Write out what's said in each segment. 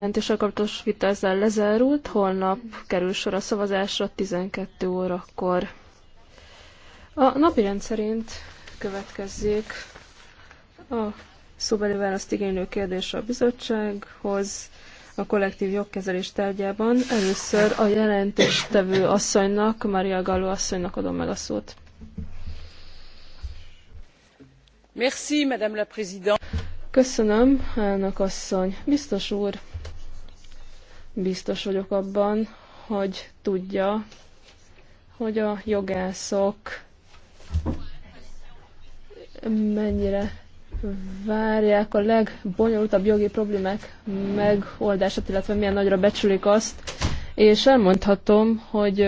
jelentéssel kapcsolatos vita ezzel lezárult, holnap kerül sor a szavazásra 12 órakor. A napirend szerint következzék a szóbeli választ igénylő kérdés a bizottsághoz a kollektív jogkezelés tárgyában. Először a jelentéstevő asszonynak, Maria Galló asszonynak adom meg a szót. Merci, Madame la Présidente. Köszönöm, elnök asszony. Biztos úr, Biztos vagyok abban, hogy tudja, hogy a jogászok mennyire várják a legbonyolultabb jogi problémák megoldását, illetve milyen nagyra becsülik azt, és elmondhatom, hogy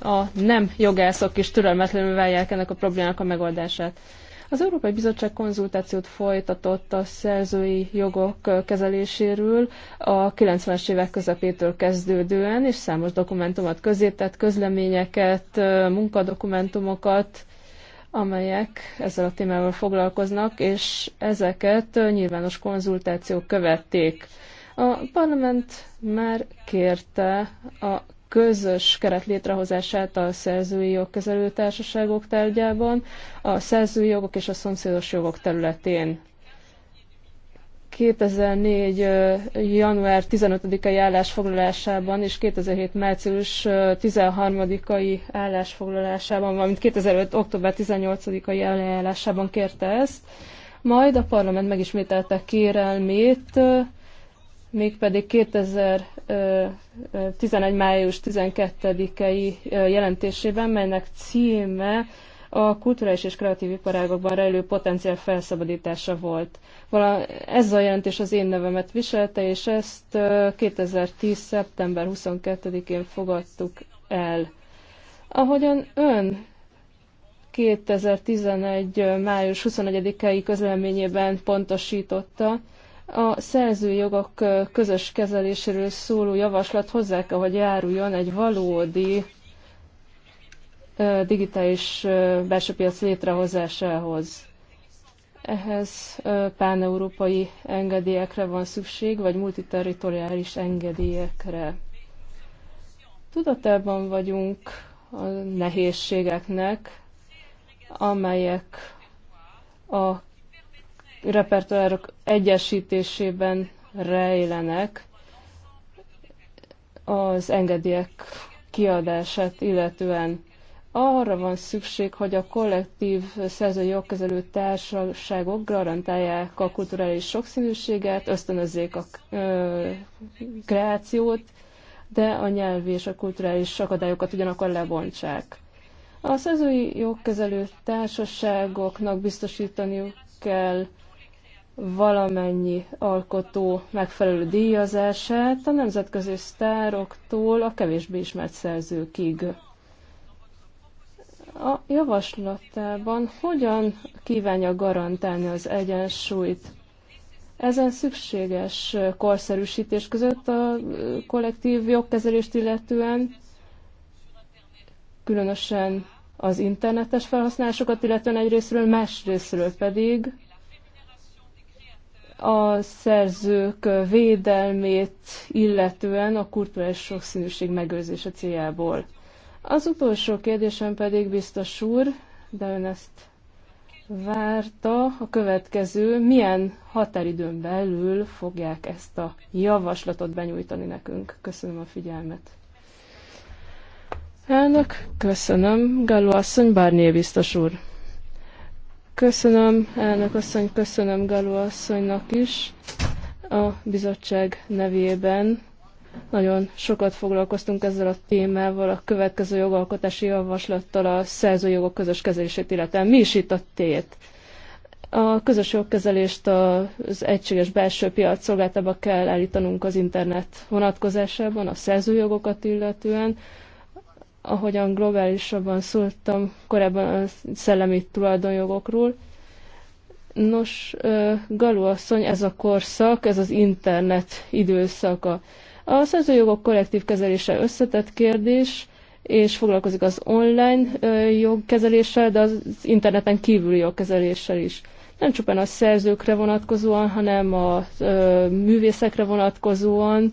a nem jogászok is türelmetlenül várják ennek a problémának a megoldását. Az Európai Bizottság konzultációt folytatott a szerzői jogok kezeléséről a 90-es évek közepétől kezdődően, és számos dokumentumot közzétett, közleményeket, munkadokumentumokat, amelyek ezzel a témával foglalkoznak, és ezeket nyilvános konzultációk követték. A parlament már kérte a közös keret létrehozását a szerzői jogkezelő társaságok tárgyában, a szerzői jogok és a szomszédos jogok területén. 2004. január 15-ai állásfoglalásában és 2007. március 13-ai állásfoglalásában, valamint 2005. október 18-ai állásában kérte ezt. Majd a parlament megismételte kérelmét mégpedig 2011. május 12-i jelentésében, melynek címe a kulturális és kreatív iparágokban rejlő potenciál felszabadítása volt. Vala, ez a jelentés az én nevemet viselte, és ezt 2010. szeptember 22-én fogadtuk el. Ahogyan ön 2011. május 21-i közleményében pontosította, a szerzőjogok jogok közös kezeléséről szóló javaslat hozzá kell, hogy járuljon egy valódi digitális belső piac létrehozásához. Ehhez páneurópai engedélyekre van szükség, vagy multiterritoriális engedélyekre. Tudatában vagyunk a nehézségeknek, amelyek a repertoárok egyesítésében rejlenek az engedélyek kiadását illetően. Arra van szükség, hogy a kollektív szerzői jogkezelő társaságok garantálják a kulturális sokszínűséget, ösztönözzék a kreációt, de a nyelvi és a kulturális akadályokat ugyanakkor lebontsák. A szerzői jogkezelő társaságoknak biztosítaniuk kell valamennyi alkotó megfelelő díjazását a nemzetközi sztároktól a kevésbé ismert szerzőkig. A javaslatában hogyan kívánja garantálni az egyensúlyt ezen szükséges korszerűsítés között a kollektív jogkezelést illetően, különösen az internetes felhasználásokat illetően egyrésztről, másrésztről pedig a szerzők védelmét illetően a kulturális sokszínűség megőrzése céljából. Az utolsó kérdésem pedig biztos úr, de ön ezt várta a következő, milyen határidőn belül fogják ezt a javaslatot benyújtani nekünk. Köszönöm a figyelmet. Elnök, köszönöm. Galló asszony, Barnier biztos úr. Köszönöm, elnök asszony, köszönöm Galó asszonynak is a bizottság nevében. Nagyon sokat foglalkoztunk ezzel a témával, a következő jogalkotási javaslattal a szerzőjogok közös kezelését illetően. Mi is itt a tét? A közös jogkezelést az egységes belső piac szolgáltába kell állítanunk az internet vonatkozásában, a szerzőjogokat illetően ahogyan globálisabban szóltam korábban a szellemi tulajdonjogokról. Nos, Galó asszony, ez a korszak, ez az internet időszaka. A szerzőjogok kollektív kezelése összetett kérdés, és foglalkozik az online jogkezeléssel, de az interneten kívüli jogkezeléssel is. Nem csupán a szerzőkre vonatkozóan, hanem a művészekre vonatkozóan,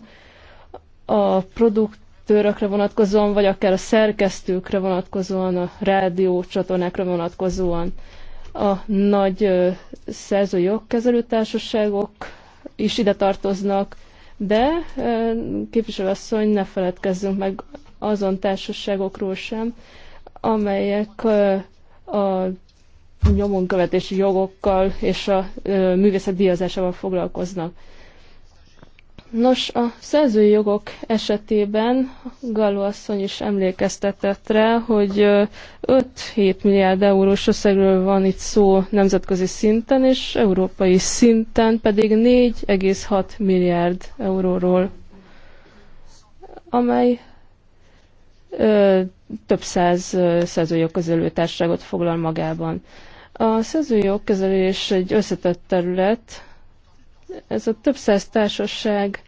a produkt operatőrökre vonatkozóan, vagy akár a szerkesztőkre vonatkozóan, a rádió csatornákra vonatkozóan. A nagy szerzői jogkezelőtársaságok is ide tartoznak, de képviselőasszony, ne feledkezzünk meg azon társaságokról sem, amelyek a nyomonkövetési jogokkal és a művészet díjazásával foglalkoznak. Nos, a szerzői jogok esetében Galló asszony is emlékeztetett rá, hogy 5-7 milliárd eurós összegről van itt szó nemzetközi szinten, és európai szinten pedig 4,6 milliárd euróról, amely ö, több száz szerzői kezelő társaságot foglal magában. A szerzői jogkezelés egy összetett terület, ez a több száz társaság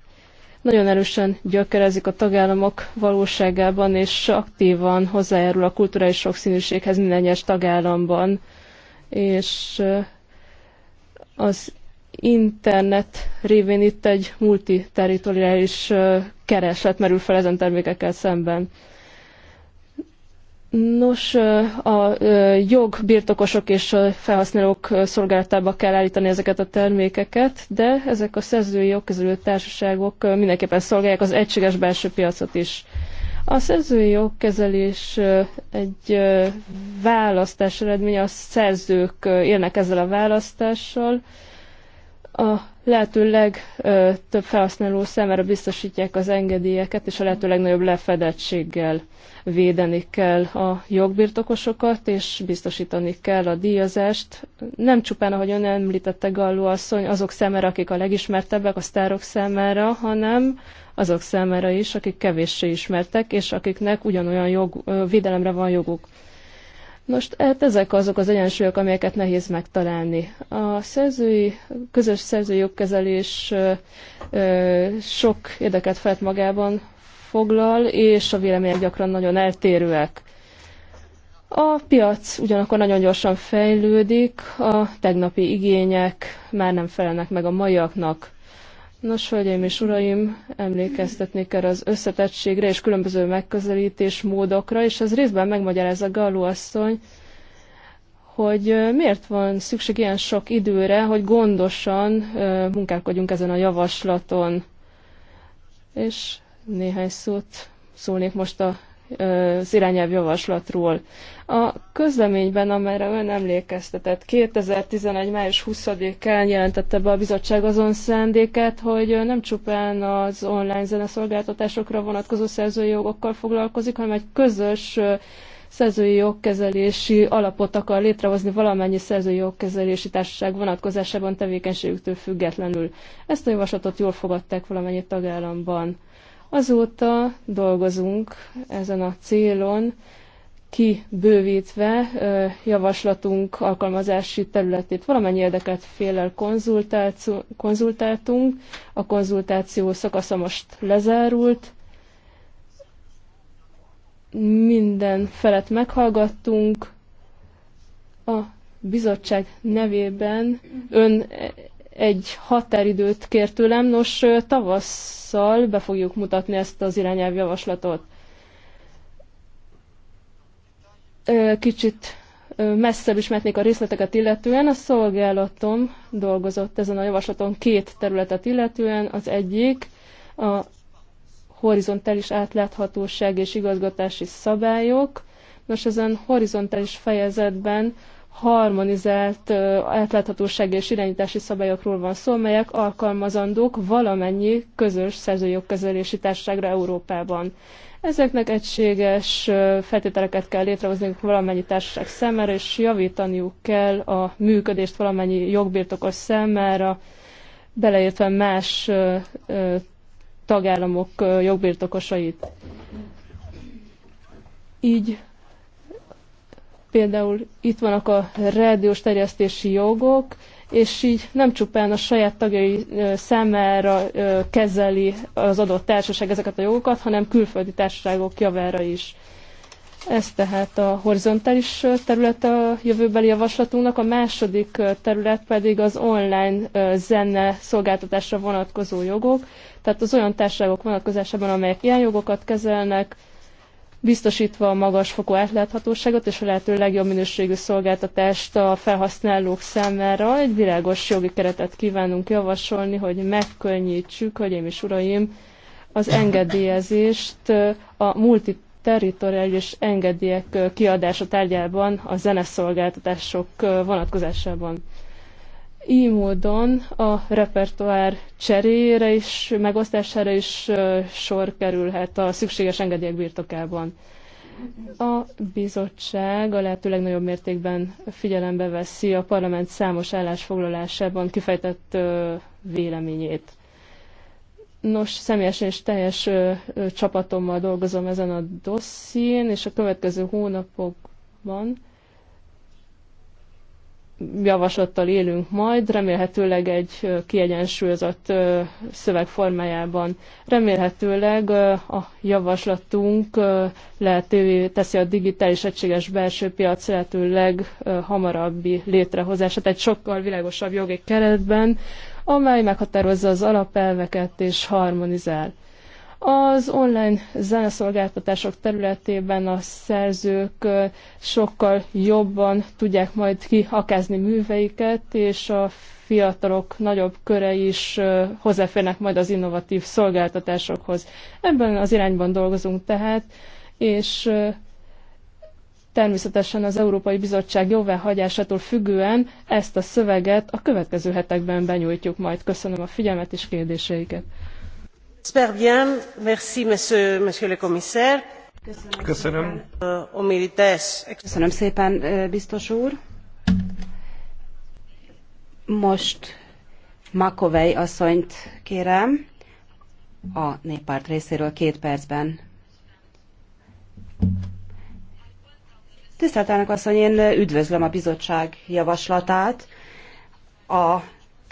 nagyon erősen gyökerezik a tagállamok valóságában, és aktívan hozzájárul a kulturális sokszínűséghez minden egyes tagállamban. És az internet révén itt egy multiterritoriális kereslet merül fel ezen termékekkel szemben. Nos, a jogbirtokosok és a felhasználók szolgálatába kell állítani ezeket a termékeket, de ezek a szerzői jogkezelő társaságok mindenképpen szolgálják az egységes belső piacot is. A szerzői jogkezelés egy választás eredménye, a szerzők élnek ezzel a választással. A lehetőleg több felhasználó számára biztosítják az engedélyeket, és a lehető legnagyobb lefedettséggel védeni kell a jogbirtokosokat, és biztosítani kell a díjazást. Nem csupán, ahogy ön említette, Galló asszony, azok számára, akik a legismertebbek, a sztárok számára, hanem azok számára is, akik kevéssé ismertek, és akiknek ugyanolyan jog, védelemre van joguk. Most hát ezek azok az egyensúlyok, amelyeket nehéz megtalálni. A szerzői, közös szerzői jogkezelés ö, ö, sok érdeket felt magában foglal, és a vélemények gyakran nagyon eltérőek. A piac ugyanakkor nagyon gyorsan fejlődik, a tegnapi igények már nem felelnek meg a maiaknak. Nos, hölgyeim és uraim, emlékeztetnék erre az összetettségre és különböző megközelítés módokra, és ez részben megmagyarázza Galú asszony, hogy miért van szükség ilyen sok időre, hogy gondosan munkálkodjunk ezen a javaslaton. És néhány szót szólnék most a az irányelv javaslatról. A közleményben, amelyre ön emlékeztetett, 2011. május 20-án jelentette be a bizottság azon szándékát, hogy nem csupán az online zeneszolgáltatásokra vonatkozó szerzői jogokkal foglalkozik, hanem egy közös szerzői jogkezelési alapot akar létrehozni valamennyi szerzői jogkezelési társaság vonatkozásában tevékenységüktől függetlenül. Ezt a javaslatot jól fogadták valamennyi tagállamban. Azóta dolgozunk ezen a célon, kibővítve javaslatunk alkalmazási területét. Valamennyi érdeket félel konzultáltunk, a konzultáció szakasza most lezárult, minden felet meghallgattunk, a bizottság nevében ön egy határidőt kér tőlem, nos tavasszal be fogjuk mutatni ezt az irányelvjavaslatot. Kicsit messzebb is a részleteket illetően. A szolgálatom dolgozott ezen a javaslaton két területet illetően. Az egyik a horizontális átláthatóság és igazgatási szabályok. Nos, ezen horizontális fejezetben harmonizált átláthatóság és irányítási szabályokról van szó, melyek alkalmazandók valamennyi közös szerzőjogkezelési társaságra Európában. Ezeknek egységes feltételeket kell létrehozni valamennyi társaság számára, és javítaniuk kell a működést valamennyi jogbirtokos számára, beleértve más tagállamok jogbirtokosait. Így Például itt vannak a rádiós terjesztési jogok, és így nem csupán a saját tagjai számára kezeli az adott társaság ezeket a jogokat, hanem külföldi társaságok javára is. Ez tehát a horizontális terület a jövőbeli javaslatunknak, a második terület pedig az online zene szolgáltatásra vonatkozó jogok, tehát az olyan társaságok vonatkozásában, amelyek ilyen jogokat kezelnek, biztosítva a magas fokú átláthatóságot és a lehető legjobb minőségű szolgáltatást a felhasználók számára. Egy világos jogi keretet kívánunk javasolni, hogy megkönnyítsük, hölgyeim és uraim, az engedélyezést a multi engedélyek kiadása tárgyában a zeneszolgáltatások vonatkozásában így módon a repertoár cserére és megosztására is sor kerülhet a szükséges engedélyek birtokában. A bizottság a lehető legnagyobb mértékben figyelembe veszi a parlament számos állásfoglalásában kifejtett véleményét. Nos, személyesen és teljes csapatommal dolgozom ezen a dosszín, és a következő hónapokban javaslattal élünk majd, remélhetőleg egy kiegyensúlyozott szöveg formájában. Remélhetőleg a javaslatunk lehetővé teszi a digitális egységes belső piac lehető leghamarabbi létrehozását egy sokkal világosabb jogi keretben, amely meghatározza az alapelveket és harmonizál. Az online zeneszolgáltatások területében a szerzők sokkal jobban tudják majd kiakázni műveiket, és a fiatalok nagyobb köre is hozzáférnek majd az innovatív szolgáltatásokhoz. Ebben az irányban dolgozunk tehát, és természetesen az Európai Bizottság jóváhagyásától függően ezt a szöveget a következő hetekben benyújtjuk majd. Köszönöm a figyelmet és kérdéseiket. Köszönöm. Euh, Köszönöm szépen, biztos úr. Most Makovej asszonyt kérem a néppárt részéről két percben. Tisztelt elnök asszony, én üdvözlöm a bizottság javaslatát a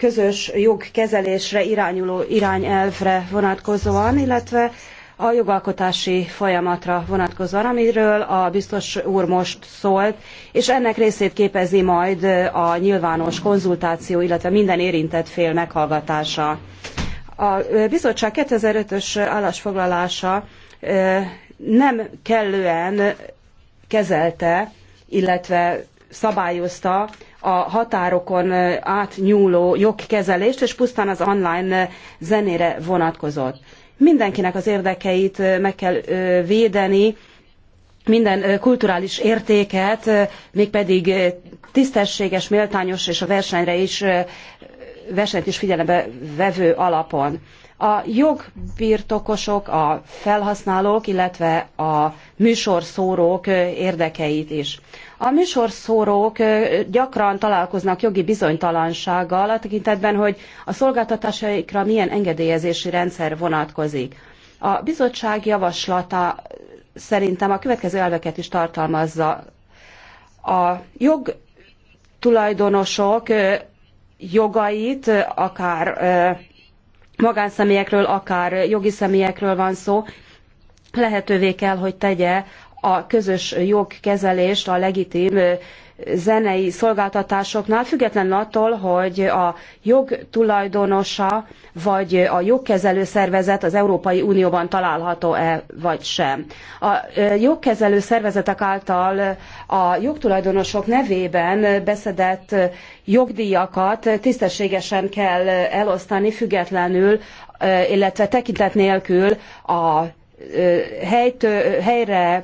közös jogkezelésre irányuló irányelvre vonatkozóan, illetve a jogalkotási folyamatra vonatkozóan, amiről a biztos úr most szólt, és ennek részét képezi majd a nyilvános konzultáció, illetve minden érintett fél meghallgatása. A bizottság 2005-ös állásfoglalása nem kellően kezelte, illetve szabályozta a határokon átnyúló jogkezelést, és pusztán az online zenére vonatkozott. Mindenkinek az érdekeit meg kell védeni, minden kulturális értéket, mégpedig tisztességes, méltányos és a versenyre is, versenyt is figyelembe vevő alapon. A jogbirtokosok, a felhasználók, illetve a műsorszórók érdekeit is. A műsorszórók gyakran találkoznak jogi bizonytalansággal a tekintetben, hogy a szolgáltatásaikra milyen engedélyezési rendszer vonatkozik. A bizottság javaslata szerintem a következő elveket is tartalmazza. A jog tulajdonosok jogait akár magánszemélyekről, akár jogi személyekről van szó, lehetővé kell, hogy tegye a közös jogkezelést a legitim zenei szolgáltatásoknál, függetlenül attól, hogy a jog tulajdonosa vagy a jogkezelő szervezet az Európai Unióban található-e vagy sem. A jogkezelő szervezetek által a jogtulajdonosok nevében beszedett jogdíjakat tisztességesen kell elosztani függetlenül, illetve tekintet nélkül a helyt, helyre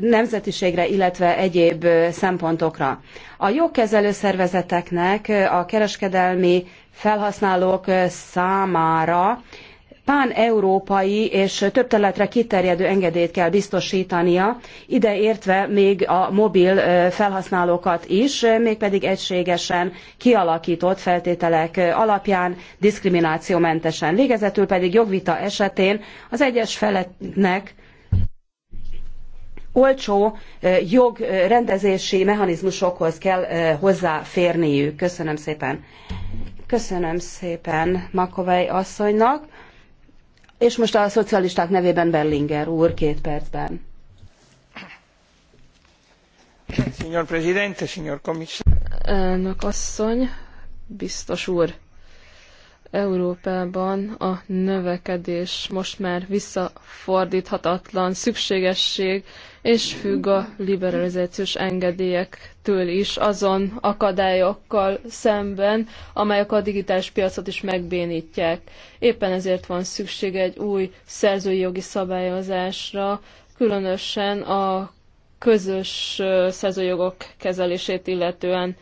nemzetiségre, illetve egyéb szempontokra. A jogkezelő szervezeteknek a kereskedelmi felhasználók számára pán-európai és több területre kiterjedő engedélyt kell biztosítania, ide értve még a mobil felhasználókat is, mégpedig egységesen kialakított feltételek alapján, diszkriminációmentesen. Végezetül pedig jogvita esetén az egyes feleknek olcsó jogrendezési mechanizmusokhoz kell hozzáférniük. Köszönöm szépen. Köszönöm szépen Makovej asszonynak. És most a szocialisták nevében Berlinger úr két percben. Signor Presidente, signor Commissario. Elnök asszony, biztos úr. Európában a növekedés most már visszafordíthatatlan szükségesség, és függ a liberalizációs engedélyektől is azon akadályokkal szemben, amelyek a digitális piacot is megbénítják. Éppen ezért van szüksége egy új szerzői jogi szabályozásra, különösen a közös szerzőjogok kezelését illetően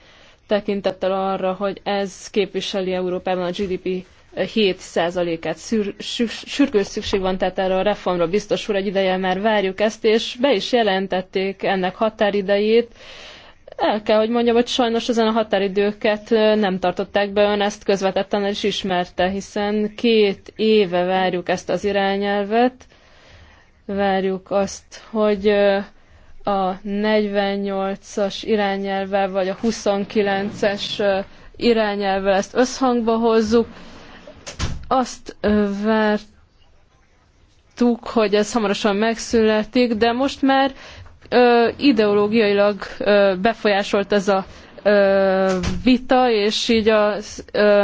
tekintettel arra, hogy ez képviseli Európában a GDP 7%-át. Eh, Szür, sürgős szükség van tehát erre a reformra, biztos úr, egy ideje már várjuk ezt, és be is jelentették ennek határidejét. El kell, hogy mondjam, hogy sajnos ezen a határidőket eh, nem tartották be, ön ezt közvetetten is ismerte, hiszen két éve várjuk ezt az irányelvet, várjuk azt, hogy eh, a 48-as irányelvvel, vagy a 29-es irányelvvel ezt összhangba hozzuk. Azt vártuk, hogy ez hamarosan megszületik, de most már ideológiailag befolyásolt ez a vita, és így a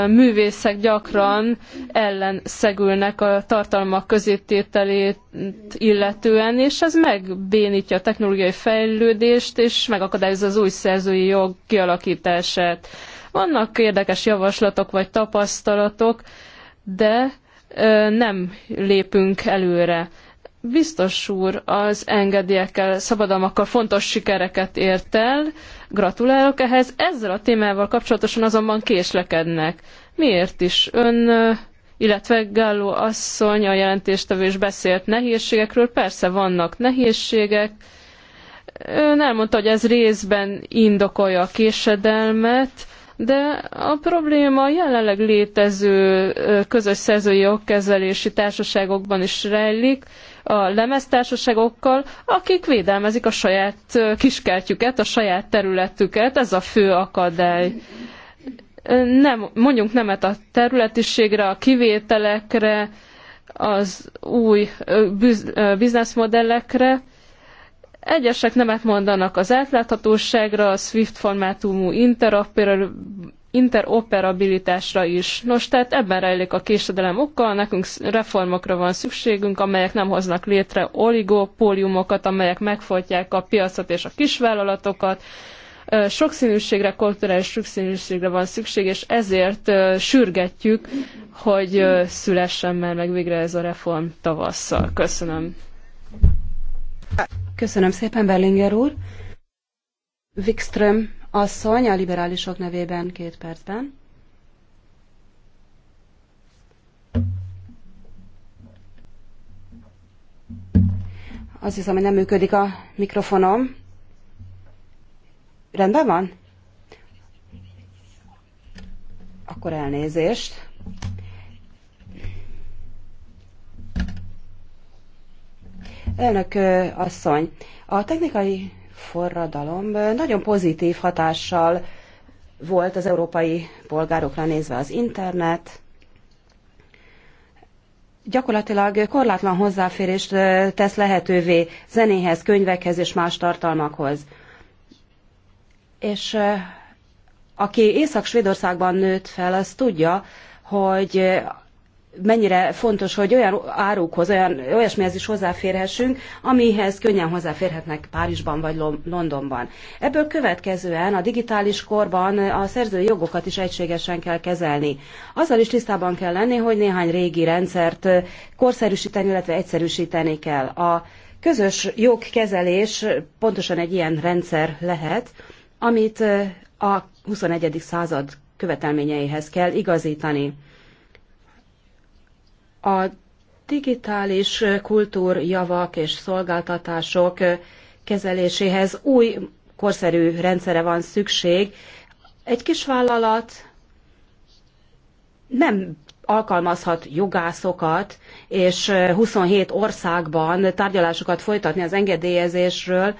művészek gyakran ellenszegülnek a tartalmak közétételét illetően, és ez megbénítja a technológiai fejlődést, és megakadályozza az új szerzői jog kialakítását. Vannak érdekes javaslatok vagy tapasztalatok, de nem lépünk előre. Biztos úr az engedélyekkel, szabadalmakkal fontos sikereket ért el, gratulálok ehhez. Ezzel a témával kapcsolatosan azonban késlekednek. Miért is? Ön, illetve Gallo asszony, a jelentéstevő is beszélt nehézségekről. Persze vannak nehézségek. Ön elmondta, hogy ez részben indokolja a késedelmet, de a probléma a jelenleg létező közös szerzői jogkezelési társaságokban is rejlik, a lemeztársaságokkal, akik védelmezik a saját kiskertjüket, a saját területüket, ez a fő akadály. Nem, mondjunk nemet a területiségre, a kivételekre, az új bizniszmodellekre. Egyesek nemet mondanak az átláthatóságra, a SWIFT formátumú interoperabilitásra is. Nos, tehát ebben rejlik a késedelem oka, nekünk reformokra van szükségünk, amelyek nem hoznak létre oligopóliumokat, amelyek megfojtják a piacot és a kisvállalatokat, sokszínűségre, kulturális sokszínűségre van szükség, és ezért sürgetjük, hogy szülessen már meg végre ez a reform tavasszal. Köszönöm. Köszönöm szépen, Berlinger úr. Wikström asszony a liberálisok nevében két percben. Azt hiszem, hogy nem működik a mikrofonom. Rendben van? Akkor elnézést. Elnök asszony, a technikai forradalom nagyon pozitív hatással volt az európai polgárokra nézve az internet, gyakorlatilag korlátlan hozzáférést tesz lehetővé zenéhez, könyvekhez és más tartalmakhoz. És aki Észak-Svédországban nőtt fel, az tudja, hogy mennyire fontos, hogy olyan árukhoz, olyan, olyasmihez is hozzáférhessünk, amihez könnyen hozzáférhetnek Párizsban vagy Londonban. Ebből következően a digitális korban a szerzői jogokat is egységesen kell kezelni. Azzal is tisztában kell lenni, hogy néhány régi rendszert korszerűsíteni, illetve egyszerűsíteni kell. A közös jogkezelés pontosan egy ilyen rendszer lehet, amit a 21. század követelményeihez kell igazítani. A digitális kultúrjavak és szolgáltatások kezeléséhez új korszerű rendszere van szükség. Egy kis vállalat nem alkalmazhat jogászokat, és 27 eh, országban tárgyalásokat folytatni az engedélyezésről,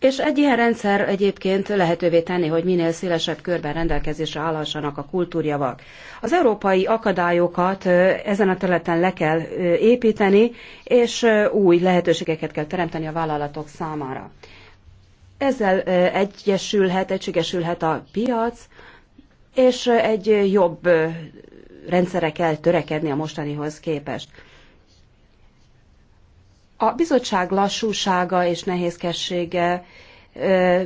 és egy ilyen rendszer egyébként lehetővé tenni, hogy minél szélesebb körben rendelkezésre állhassanak a kultúrjavak. Az európai akadályokat ezen a területen le kell építeni, és új lehetőségeket kell teremteni a vállalatok számára. Ezzel egyesülhet, egységesülhet a piac, és egy jobb rendszerre kell törekedni a mostanihoz képest. A bizottság lassúsága és nehézkessége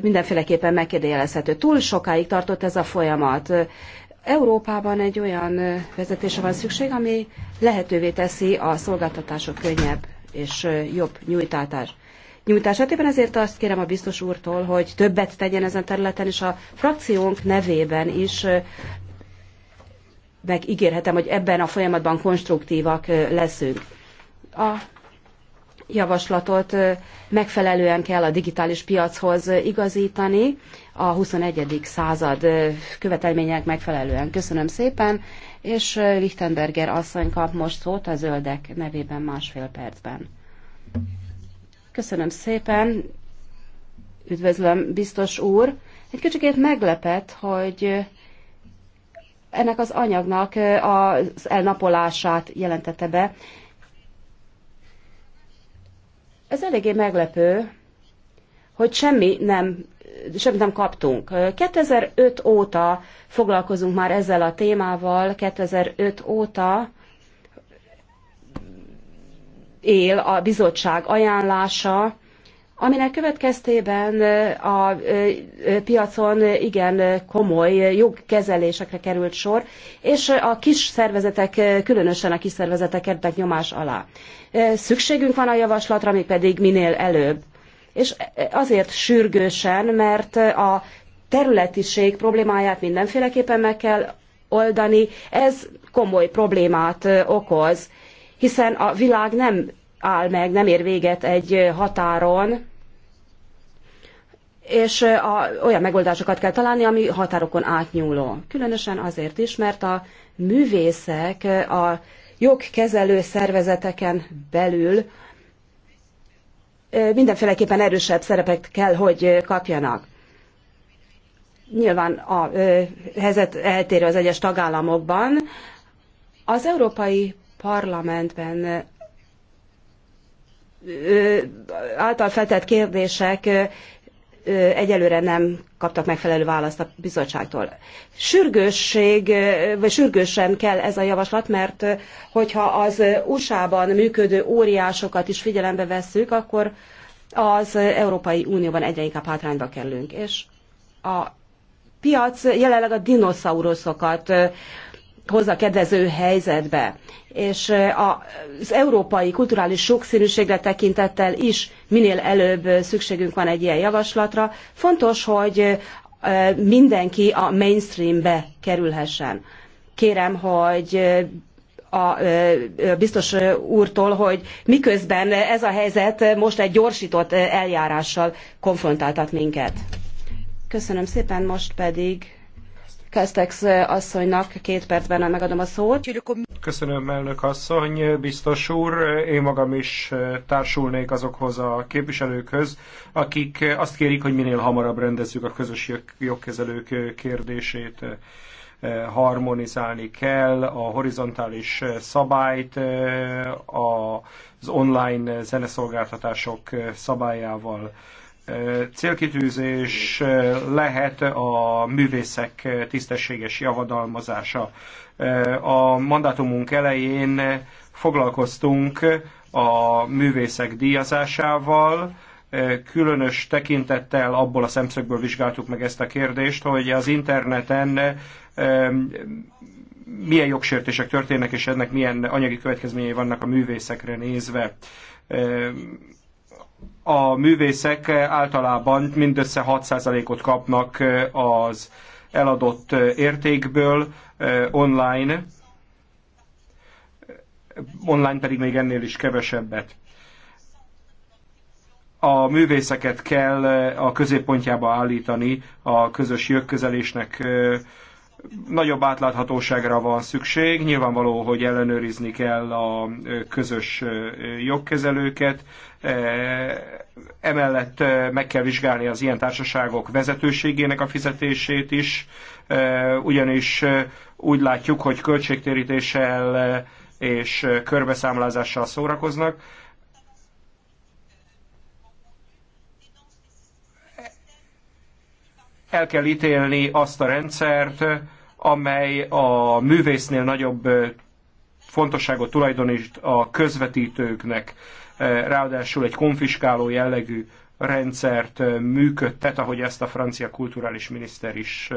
mindenféleképpen megkérdőjelezhető. Túl sokáig tartott ez a folyamat. Európában egy olyan vezetése van szükség, ami lehetővé teszi a szolgáltatások könnyebb és jobb nyújtátás. nyújtását. Éppen ezért azt kérem a biztos úrtól, hogy többet tegyen ezen területen, és a frakciónk nevében is megígérhetem, hogy ebben a folyamatban konstruktívak leszünk. A javaslatot megfelelően kell a digitális piachoz igazítani a 21. század követelmények megfelelően. Köszönöm szépen, és Lichtenberger asszony kap most szót a zöldek nevében másfél percben. Köszönöm szépen, üdvözlöm biztos úr. Egy kicsikét meglepett, hogy ennek az anyagnak az elnapolását jelentette be ez eléggé meglepő, hogy semmi nem, semmit nem kaptunk. 2005 óta foglalkozunk már ezzel a témával, 2005 óta él a bizottság ajánlása, aminek következtében a piacon igen komoly jogkezelésekre került sor, és a kis szervezetek, különösen a kis szervezetek kerültek nyomás alá. Szükségünk van a javaslatra, még pedig minél előbb. És azért sürgősen, mert a területiség problémáját mindenféleképpen meg kell oldani, ez komoly problémát okoz, hiszen a világ nem áll meg, nem ér véget egy határon, és a, olyan megoldásokat kell találni, ami határokon átnyúló. Különösen azért is, mert a művészek a jogkezelő szervezeteken belül mindenféleképpen erősebb szerepet kell, hogy kapjanak. Nyilván a helyzet eltérő az egyes tagállamokban. Az Európai Parlamentben által feltett kérdések egyelőre nem kaptak megfelelő választ a bizottságtól. Sürgősség, vagy sürgősen kell ez a javaslat, mert hogyha az USA-ban működő óriásokat is figyelembe vesszük, akkor az Európai Unióban egyre inkább hátrányba kerülünk. És a piac jelenleg a dinoszauruszokat hozza kedvező helyzetbe. És az európai kulturális sokszínűségre tekintettel is minél előbb szükségünk van egy ilyen javaslatra. Fontos, hogy mindenki a mainstreambe kerülhessen. Kérem, hogy a biztos úrtól, hogy miközben ez a helyzet most egy gyorsított eljárással konfrontáltat minket. Köszönöm szépen, most pedig Kestex asszonynak két percben megadom a szót. Köszönöm, elnök asszony, biztos úr. Én magam is eh, társulnék azokhoz a képviselőkhöz, akik azt kérik, hogy minél hamarabb rendezzük a közös jogkezelők eh, kérdését eh, harmonizálni kell, a horizontális szabályt az online zeneszolgáltatások szabályával célkitűzés lehet a művészek tisztességes javadalmazása. A mandátumunk elején foglalkoztunk a művészek díjazásával, különös tekintettel abból a szemszögből vizsgáltuk meg ezt a kérdést, hogy az interneten milyen jogsértések történnek, és ennek milyen anyagi következményei vannak a művészekre nézve a művészek általában mindössze 6%-ot kapnak az eladott értékből online, online pedig még ennél is kevesebbet. A művészeket kell a középpontjába állítani a közös jogközelésnek, Nagyobb átláthatóságra van szükség, nyilvánvaló, hogy ellenőrizni kell a közös jogkezelőket, e, emellett meg kell vizsgálni az ilyen társaságok vezetőségének a fizetését is, e, ugyanis úgy látjuk, hogy költségtérítéssel és körbeszámlázással szórakoznak, El kell ítélni azt a rendszert, amely a művésznél nagyobb fontosságot tulajdonít a közvetítőknek, ráadásul egy konfiskáló jellegű rendszert működtet, ahogy ezt a francia kulturális miniszter is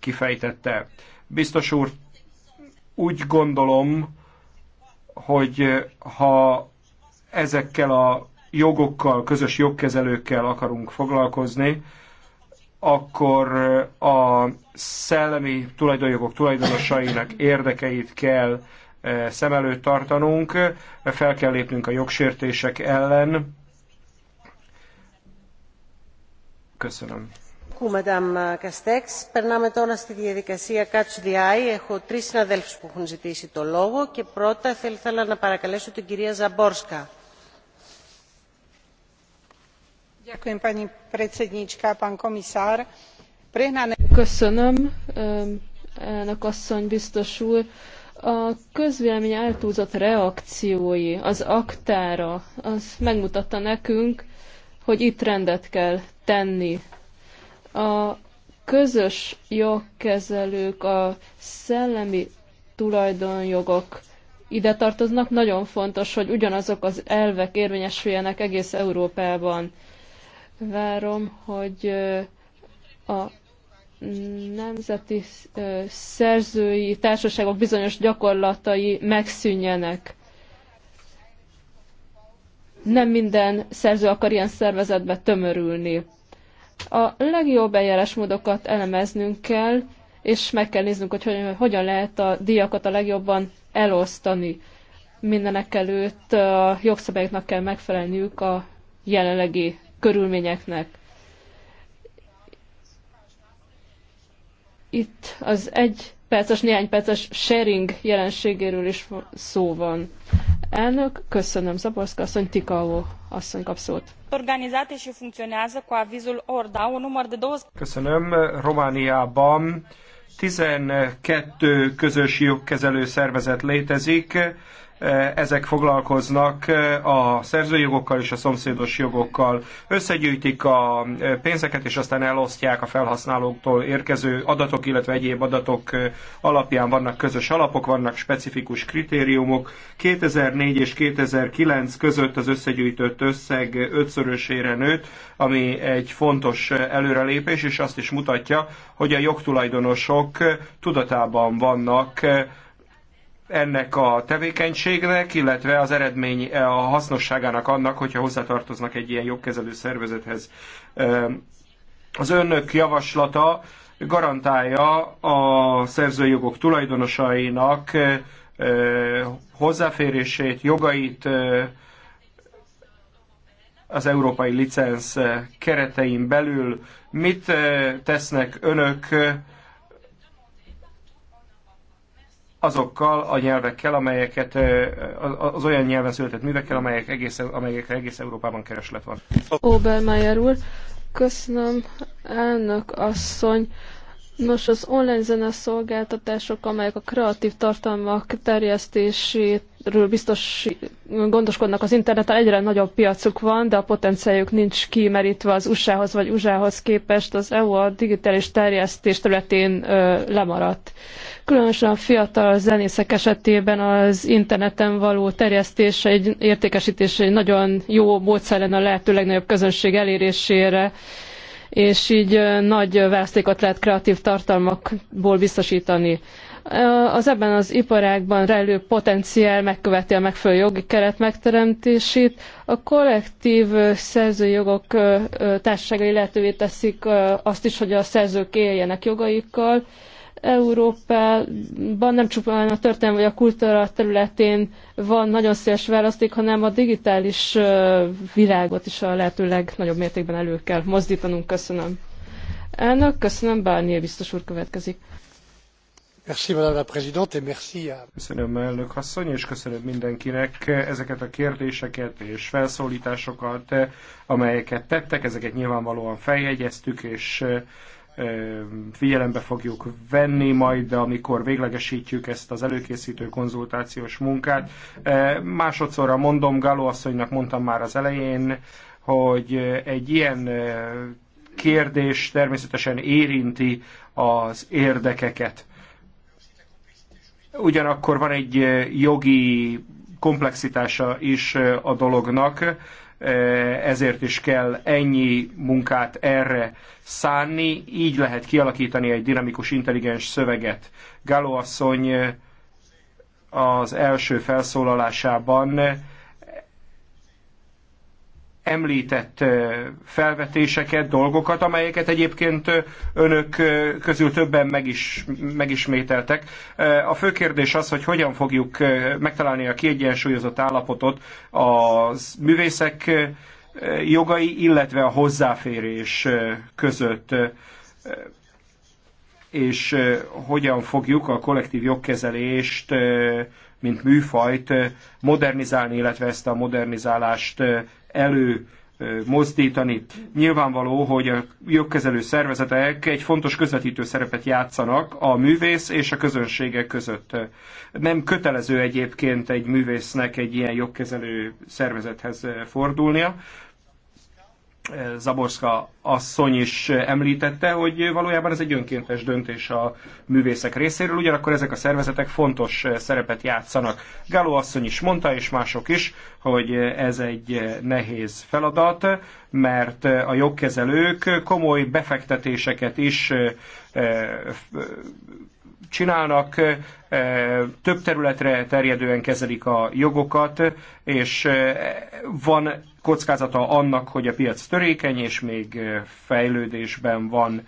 kifejtette. Biztos úr, úgy gondolom, hogy ha ezekkel a jogokkal, közös jogkezelőkkel akarunk foglalkozni, akkor a szellemi tulajdonjogok tulajdonosainak érdekeit kell szem előtt tartanunk, fel kell lépnünk a jogsértések ellen. Köszönöm. Madame Castex, περνάμε τώρα στη διαδικασία Catch the Eye. Έχω τρεις συναδέλφους που έχουν ζητήσει το λόγο και πρώτα θα ήθελα να παρακαλέσω την κυρία Ζαμπόρσκα. Köszönöm, elnök asszony, biztos úr. A közvélemény eltúlzott reakciói az aktára, az megmutatta nekünk, hogy itt rendet kell tenni. A közös jogkezelők, a szellemi tulajdonjogok ide tartoznak, nagyon fontos, hogy ugyanazok az elvek érvényesüljenek egész Európában várom, hogy a nemzeti szerzői társaságok bizonyos gyakorlatai megszűnjenek. Nem minden szerző akar ilyen szervezetbe tömörülni. A legjobb eljárásmódokat elemeznünk kell, és meg kell néznünk, hogy hogyan lehet a díjakat a legjobban elosztani. Mindenek előtt a jogszabályoknak kell megfelelniük a jelenlegi körülményeknek. Itt az egy perces, néhány perces sharing jelenségéről is szó van. Elnök, köszönöm, Zaborszka asszony, Tikaó asszony kap szót. Orda, de Köszönöm, Romániában 12 közös jogkezelő szervezet létezik, Eh, ezek foglalkoznak eh, a szerzői jogokkal és a szomszédos jogokkal. Összegyűjtik a eh, pénzeket, és aztán elosztják a felhasználóktól érkező adatok, illetve egyéb adatok alapján vannak közös alapok, vannak specifikus kritériumok. 2004 és 2009 között az összegyűjtött összeg ötszörösére nőtt, ami egy fontos előrelépés, és azt is mutatja, hogy a jogtulajdonosok tudatában vannak ennek a tevékenységnek, illetve az eredmény eh, a hasznosságának annak, hogyha hozzátartoznak egy ilyen jogkezelő szervezethez. Eh, az önök javaslata garantálja a szerzőjogok tulajdonosainak eh, hozzáférését, jogait az európai licensz keretein belül. Mit tesznek önök azokkal a nyelvekkel, amelyeket az olyan nyelven született művekkel, amelyek egész, amelyekre egész Európában kereslet van. Obermeyer úr, köszönöm elnök asszony. Nos, az online zeneszolgáltatások, amelyek a kreatív tartalmak terjesztéséről biztos gondoskodnak az interneten, egyre nagyobb piacuk van, de a potenciáljuk nincs kimerítve az USA-hoz vagy USA-hoz képest. Az EU a digitális terjesztés területén ö, lemaradt. Különösen a fiatal zenészek esetében az interneten való terjesztés, egy értékesítés egy nagyon jó módszer lenne a lehető legnagyobb közönség elérésére és így nagy választékot lehet kreatív tartalmakból biztosítani. Az ebben az iparágban rejlő potenciál megköveti a megfelelő jogi keret megteremtését. A kollektív szerzői jogok társaságai lehetővé teszik azt is, hogy a szerzők éljenek jogaikkal, Európában nem csupán a történelmi vagy a kultúra területén van nagyon széles választék, hanem a digitális világot is a lehető legnagyobb mértékben elő kell mozdítanunk. Köszönöm. Elnök, köszönöm, Bárnyé biztos úr következik. Köszönöm elnök asszony, és köszönöm mindenkinek ezeket a kérdéseket és felszólításokat, amelyeket tettek, ezeket nyilvánvalóan feljegyeztük, és figyelembe fogjuk venni, majd amikor véglegesítjük ezt az előkészítő konzultációs munkát. Másodszorra mondom, Gáló asszonynak mondtam már az elején, hogy egy ilyen kérdés természetesen érinti az érdekeket. Ugyanakkor van egy jogi komplexitása is a dolognak, Eh, ezért is kell ennyi munkát erre szánni, így lehet kialakítani egy dinamikus, intelligens szöveget. Galo asszony eh, az első felszólalásában említett felvetéseket, dolgokat, amelyeket egyébként önök közül többen meg is, megismételtek. A fő kérdés az, hogy hogyan fogjuk megtalálni a kiegyensúlyozott állapotot a művészek jogai, illetve a hozzáférés között és hogyan fogjuk a kollektív jogkezelést, mint műfajt modernizálni, illetve ezt a modernizálást elő mozdítani. Nyilvánvaló, hogy a jogkezelő szervezetek egy fontos közvetítő szerepet játszanak a művész és a közönsége között. Nem kötelező egyébként egy művésznek egy ilyen jogkezelő szervezethez fordulnia, Zaborska asszony is említette, hogy valójában ez egy önkéntes döntés a művészek részéről, ugyanakkor ezek a szervezetek fontos szerepet játszanak. Gáló asszony is mondta, és mások is, hogy ez egy nehéz feladat, mert a jogkezelők komoly befektetéseket is eh, csinálnak, több területre terjedően kezelik a jogokat, és van kockázata annak, hogy a piac törékeny, és még fejlődésben van.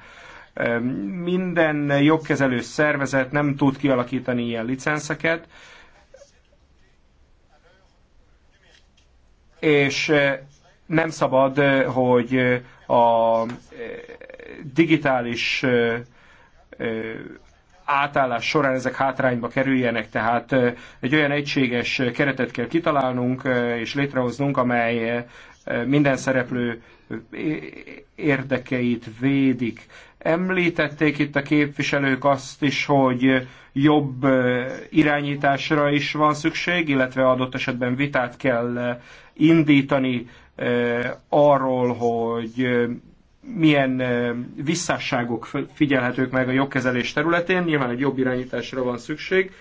Minden jogkezelő szervezet nem tud kialakítani ilyen licenszeket, és nem szabad, hogy a digitális átállás során ezek hátrányba kerüljenek. Tehát egy olyan egységes keretet kell kitalálnunk és létrehoznunk, amely minden szereplő érdekeit védik. Említették itt a képviselők azt is, hogy jobb irányításra is van szükség, illetve adott esetben vitát kell indítani arról, hogy milyen visszásságok figyelhetők meg a jogkezelés területén. Nyilván egy jobb irányításra van szükség.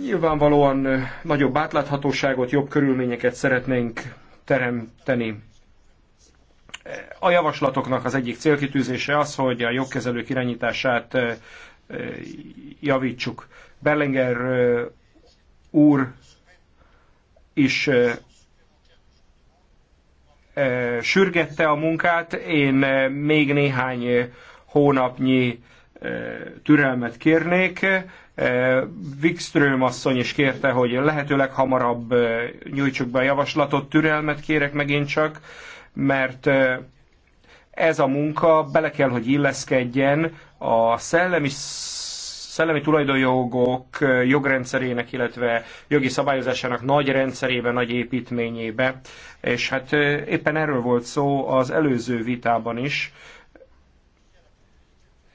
Nyilvánvalóan nagyobb átláthatóságot, jobb körülményeket szeretnénk teremteni. A javaslatoknak az egyik célkitűzése az, hogy a jogkezelők irányítását javítsuk. Berlinger úr is sürgette a munkát, én még néhány hónapnyi türelmet kérnék. Wikström asszony is kérte, hogy lehetőleg hamarabb nyújtsuk be a javaslatot, türelmet kérek megint csak, mert ez a munka bele kell, hogy illeszkedjen a szellemi szellemi tulajdonjogok jogrendszerének, illetve jogi szabályozásának nagy rendszerébe, nagy építményébe. És hát éppen erről volt szó az előző vitában is,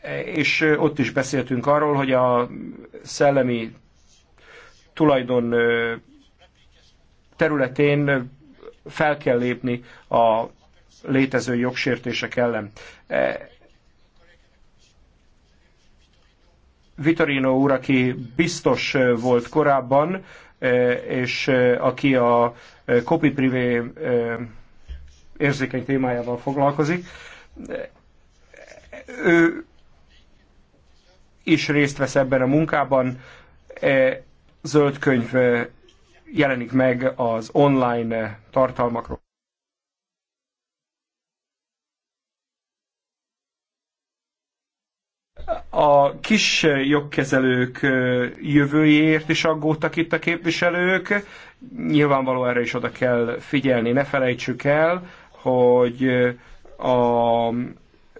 e, és ott is beszéltünk arról, hogy a szellemi tulajdon területén fel kell lépni a létező jogsértések ellen. E, Vitorino úr, aki biztos volt korábban, és aki a copy privé érzékeny témájával foglalkozik, ő is részt vesz ebben a munkában. Zöld könyv jelenik meg az online tartalmakról. a kis jogkezelők jövőjéért is aggódtak itt a képviselők. Nyilvánvaló erre is oda kell figyelni. Ne felejtsük el, hogy a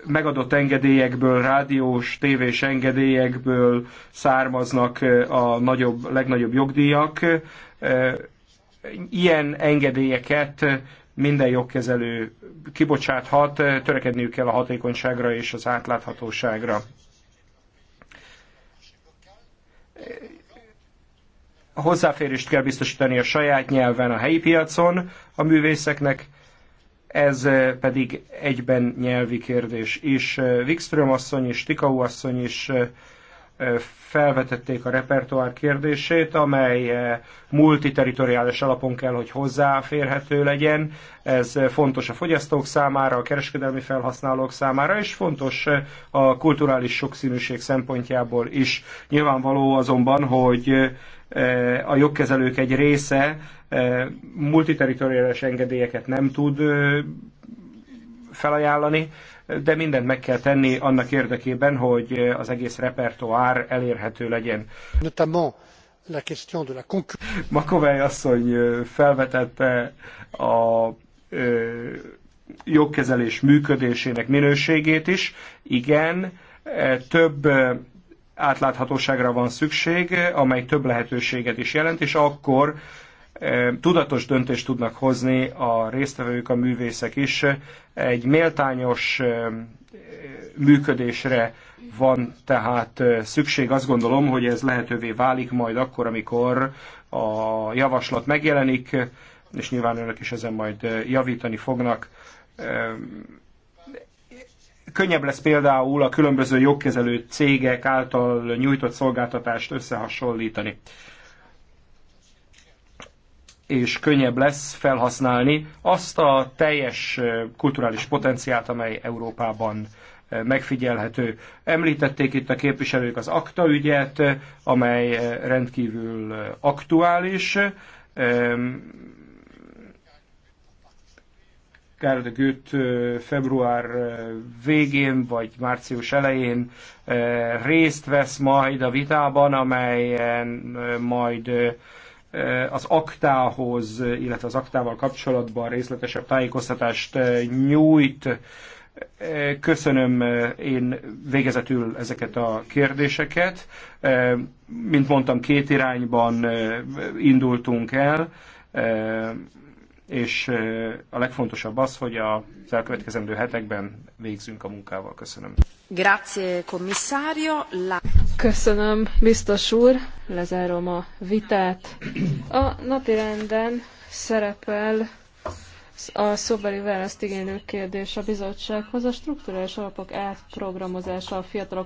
megadott engedélyekből, rádiós, tévés engedélyekből származnak a nagyobb, legnagyobb jogdíjak. Ilyen engedélyeket minden jogkezelő kibocsáthat, törekedniük kell a hatékonyságra és az átláthatóságra a hozzáférést kell biztosítani a saját nyelven a helyi piacon a művészeknek, ez eh, pedig egyben nyelvi kérdés is. Eh, Wikström asszony és Tikau asszony is eh, felvetették a repertoár kérdését, amely eh, multiterritoriális alapon kell, hogy hozzáférhető legyen. Ez eh, fontos a fogyasztók számára, a kereskedelmi felhasználók számára, és fontos eh, a kulturális sokszínűség szempontjából is. Nyilvánvaló azonban, hogy a jogkezelők egy része multiterritoriális engedélyeket nem tud felajánlani, de mindent meg kell tenni annak érdekében, hogy az egész repertoár elérhető legyen. Notamment la question de la Makovely asszony felvetette a jogkezelés működésének minőségét is. Igen, több átláthatóságra van szükség, amely több lehetőséget is jelent, és akkor tudatos döntést tudnak hozni a résztvevők, a művészek is. Egy méltányos működésre van tehát szükség. Azt gondolom, hogy ez lehetővé válik majd akkor, amikor a javaslat megjelenik, és nyilván önök is ezen majd javítani fognak. Könnyebb lesz például a különböző jogkezelő cégek által nyújtott szolgáltatást összehasonlítani és könnyebb lesz felhasználni azt a teljes kulturális potenciált, amely Európában megfigyelhető. Említették itt a képviselők az akta ügyet, amely rendkívül aktuális. Karl Gütt február végén vagy március elején részt vesz majd a vitában, amelyen majd Eh, az aktához, illetve az aktával kapcsolatban részletesebb tájékoztatást eh, nyújt. Eh, köszönöm én végezetül ezeket a kérdéseket. Mint mondtam, két irányban indultunk el, és a legfontosabb az, hogy az elkövetkezendő hetekben végzünk a munkával. Köszönöm. Köszönöm, biztos úr. Lezárom a vitát. A napirenden szerepel a szóbeli választ igénylő kérdés a bizottsághoz a strukturális alapok átprogramozása a fiatalok